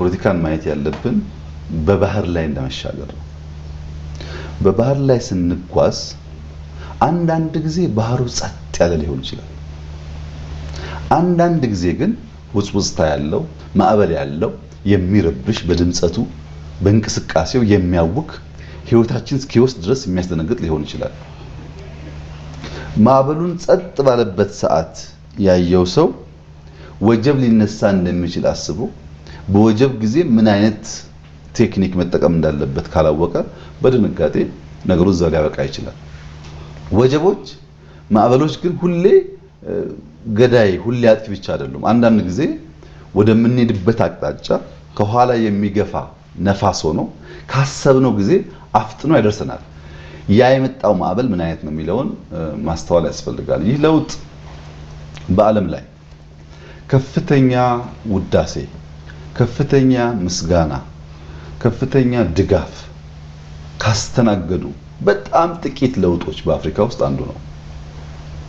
ፖለቲካን ማየት ያለብን በባህር ላይ እንደመሻገር ነው። በባህር ላይ ስንጓዝ አንዳንድ ጊዜ ባህሩ ጸጥ ያለ ሊሆን ይችላል። አንዳንድ ጊዜ ግን ውጽውጽታ ያለው ማዕበል ያለው የሚረብሽ በድምጸቱ በእንቅስቃሴው የሚያውክ ህይወታችን እስኪወስድ ድረስ የሚያስደነግጥ ሊሆን ይችላል። ማዕበሉን ጸጥ ባለበት ሰዓት ያየው ሰው ወጀብ ሊነሳ እንደሚችል አስቦ በወጀብ ጊዜ ምን አይነት ቴክኒክ መጠቀም እንዳለበት ካላወቀ በድንጋጤ ነገሩ እዛ ሊያበቃ ይችላል። ወጀቦች፣ ማዕበሎች ግን ሁሌ ገዳይ ሁሌ አጥፊ ብቻ አይደሉም። አንዳንድ ጊዜ ወደምንሄድበት አቅጣጫ ከኋላ የሚገፋ ነፋስ ሆኖ ካሰብነው ጊዜ አፍጥኖ ያደርሰናል። ያ የመጣው ማዕበል ምን አይነት ነው የሚለውን ማስተዋል ያስፈልጋል። ይህ ለውጥ በዓለም ላይ ከፍተኛ ውዳሴ ከፍተኛ ምስጋና፣ ከፍተኛ ድጋፍ ካስተናገዱ በጣም ጥቂት ለውጦች በአፍሪካ ውስጥ አንዱ ነው።